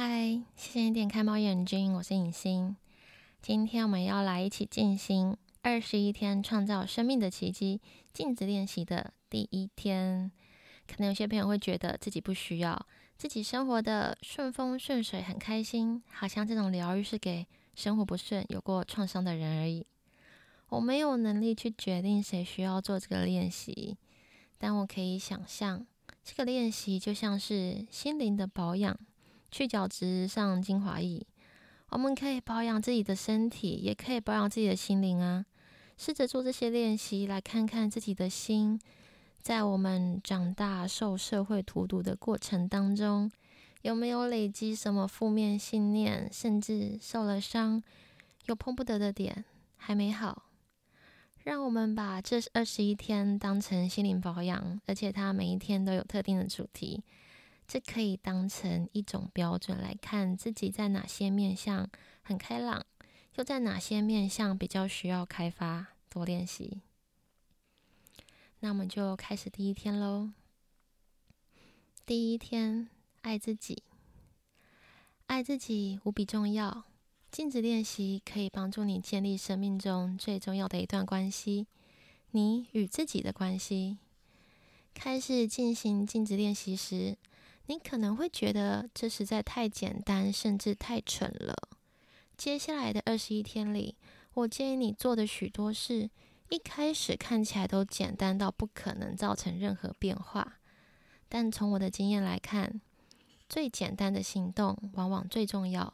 嗨，Hi, 謝謝你點開貓眼睛，我是影星。今天我們要來一起進行二十一天創造生命的奇蹟鏡子練習的第一天。可能有些朋友會覺得自己不需要，自己生活的順風順水，很開心，好像這種療癒是給生活不順、有過創傷的人而已。我沒有能力去決定誰需要做這個練習，但我可以想象，這個練習就像是心靈的保養。去角質、上精華液，我們可以保養自己的身體，也可以保養自己的心靈啊！試着做這些練習，來看看自己的心，在我們長大受社會荼毒的過程當中，有沒有累積什麼負面信念，甚至受了傷又碰不得的點，還沒好。讓我們把這二十一天當成心靈保養，而且它每一天都有特定的主題。這可以當成一種標準來看自己在哪些面向很開朗，又在哪些面向比較需要開發、多練習。那我們就開始第一天嘍。第一天，愛自己，愛自己無比重要。鏡子練習可以幫助你建立生命中最重要的一段關係——你與自己的關係。開始進行鏡子練習時，你可能會覺得這實在太簡單，甚至太蠢了。接下來的二十一天裡，我建議你做的許多事，一開始看起來都簡單到不可能造成任何變化。但從我的經驗來看，最簡單的行動往往最重要。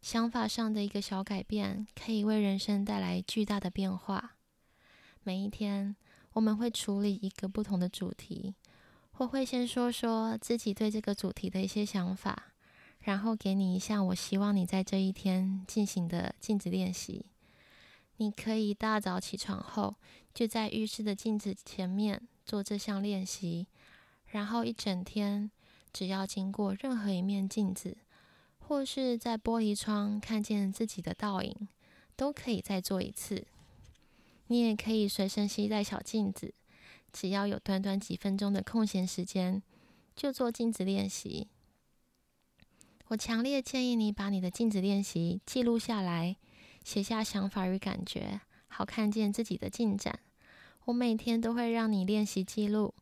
想法上的一個小改變，可以為人生帶來巨大的變化。每一天，我們會處理一個不同的主題。我會先說說自己對這個主題的一些想法，然後給你一項我希望你在這一天進行的鏡子練習。你可以一大早起床後，就在浴室的鏡子前面做這項練習，然後一整天只要經過任何一面鏡子，或是在玻璃窗看見自己的倒影，都可以再做一次。你也可以隨身攜帶小鏡子。只要有短短幾分鐘的空閒時間，就做鏡子練習。我強烈建議你把你的鏡子練習記錄下來，寫下想法與感覺，好看見自己的進展。我每天都會讓你練習記錄，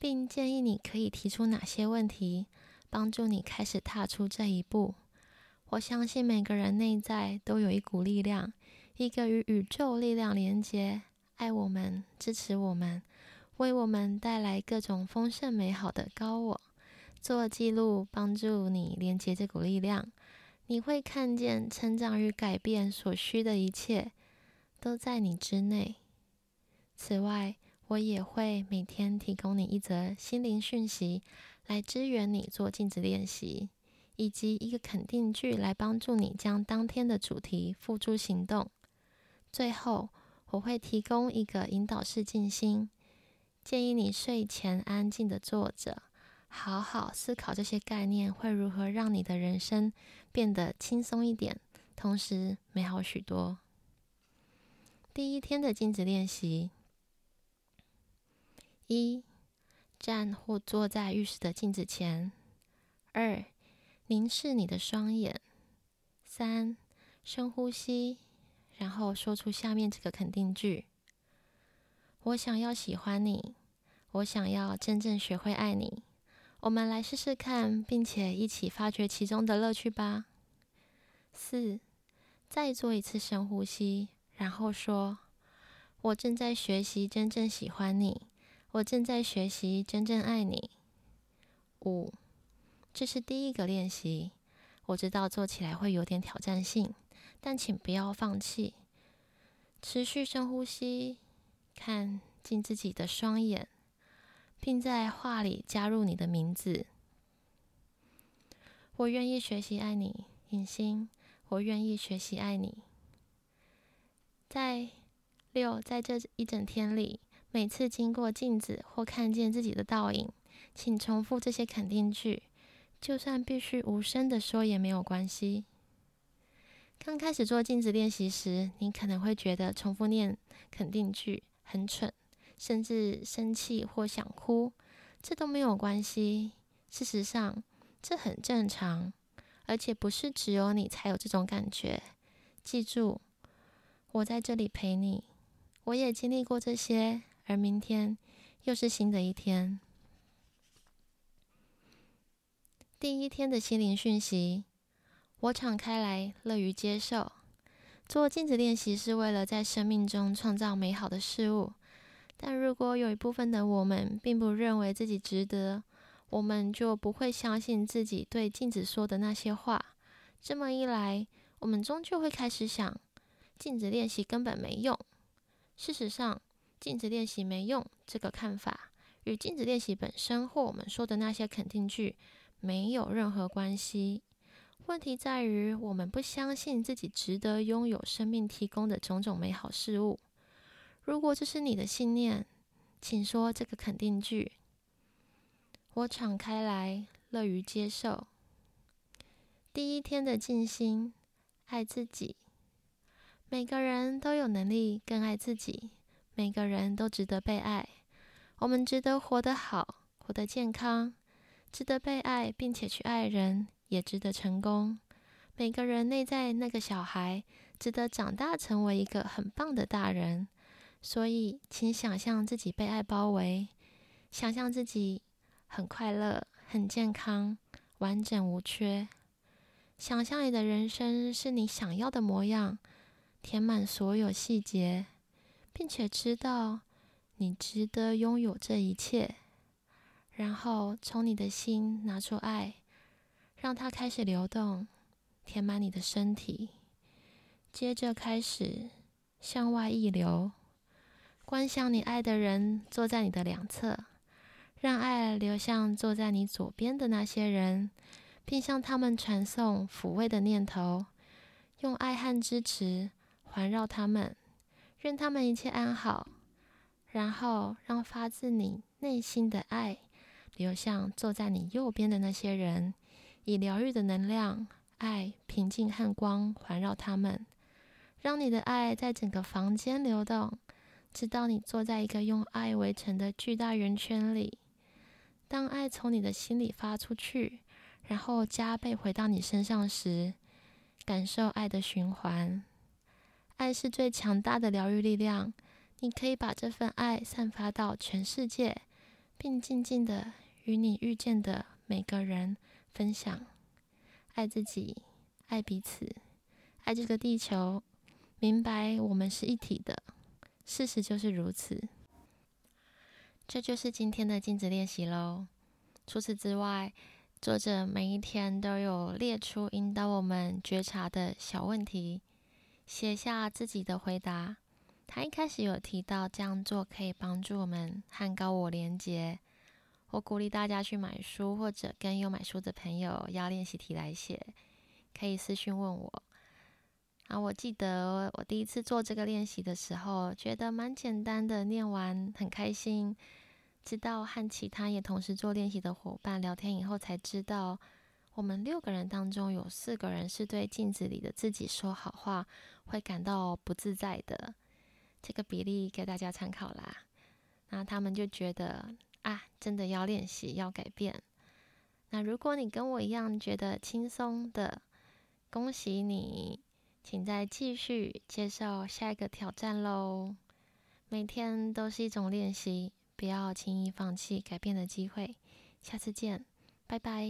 並建議你可以提出哪些問題，幫助你開始踏出這一步。我相信每個人內在都有一股力量，一個與宇宙力量連接，愛我們，支持我們，為我們帶來各種豐盛美好的高我做記錄，幫助你連接這股力量。你會看見成長與改變所需的一切都在你之內。此外，我也會每天提供你一則心靈訊息，來支援你做鏡子練習，以及一個肯定句來幫助你將當天的主題付諸行動。最後，我會提供一個引導式靜心。建議你睡前安靜的坐着，好好思考這些概念會如何讓你的人生變得輕鬆一點，同時美好許多。第一天的鏡子練習：一、站或坐在浴室的鏡子前；二、凝視你的雙眼；三、深呼吸，然後說出下面這個肯定句：“我想要喜歡你。”我想要真正學會愛你，我們來試試看，並且一起發掘其中的樂趣吧。四，再做一次深呼吸，然後說：“我正在學習真正喜歡你，我正在學習真正愛你。”五，這是第一個練習，我知道做起來會有點挑戰性，但請不要放棄。持續深呼吸，看進自己的雙眼。並在話裡加入你的名字。我願意學習愛你，影星。我願意學習愛你。在六，在這一整天裡，每次經過鏡子或看見自己的倒影，請重複這些肯定句，就算必須無聲的說也沒有關係。剛開始做鏡子練習時，你可能會覺得重複念肯定句很蠢。甚至生氣或想哭，這都沒有關係。事實上，這很正常，而且不是只有你才有這種感覺。記住，我在這裡陪你，我也經歷過這些。而明天又是新的一天。第一天的心靈訊息：我敞開來，樂於接受。做鏡子練習是為了在生命中創造美好的事物。但如果有一部分的我們並不認為自己值得，我們就不會相信自己對鏡子說的那些話。這麼一來，我們終究會開始想，鏡子練習根本沒用。事實上，鏡子練習沒用這個看法，與鏡子練習本身或我們說的那些肯定句沒有任何關係。問題在於，我們不相信自己值得擁有生命提供的種種美好事物。如果這是你的信念，請說這個肯定句。我敞開來，樂於接受。第一天的靜心，愛自己。每個人都有能力更愛自己，每個人都值得被愛。我們值得活得好，活得健康，值得被愛，並且去愛人，也值得成功。每個人內在那個小孩，值得長大成為一個很棒的大人。所以，請想象自己被愛包圍，想象自己很快樂、很健康、完整無缺。想象你的人生是你想要的模樣，填滿所有細節，並且知道你值得擁有這一切。然後，從你的心拿出愛，讓它開始流動，填滿你的身體，接着開始向外溢流。觀想你愛的人坐在你的兩側，讓愛流向坐在你左邊的那些人，並向他們傳送撫慰的念頭，用愛和支持環繞他們，願他們一切安好。然後讓發自你內心的愛流向坐在你右邊的那些人，以療癒的能量、愛、平靜和光環繞他們，讓你的愛在整個房間流動。知道你坐在一個用愛圍成的巨大圓圈裡，當愛從你的心裡發出去，然後加倍回到你身上時，感受愛的循環。愛是最強大的療癒力量，你可以把這份愛散發到全世界，並靜靜的與你遇見的每個人分享。愛自己，愛彼此，愛這個地球，明白我們是一體的。事實就是如此，這就是今天的鏡子練習嘍。除此之外，作者每一天都有列出引導我們覺察的小問題，寫下自己的回答。他一開始有提到這樣做可以幫助我們和高我連接。我鼓勵大家去買書，或者跟有買書的朋友要練習題來寫，可以私訊問我。啊，我記得我第一次做這個練習的時候，覺得蠻簡單的，念完很開心。知道和其他也同時做練習的夥伴聊天以後，才知道我們六個人當中有四個人是對鏡子裡的自己說好話會感到不自在的，這個比例給大家參考啦。那他們就覺得啊，真的要練習要改變。那如果你跟我一樣覺得輕鬆的，恭喜你。請再繼續介紹下一個挑戰嘍！每天都是一種練習，不要輕易放棄改變的機會。下次見，拜拜。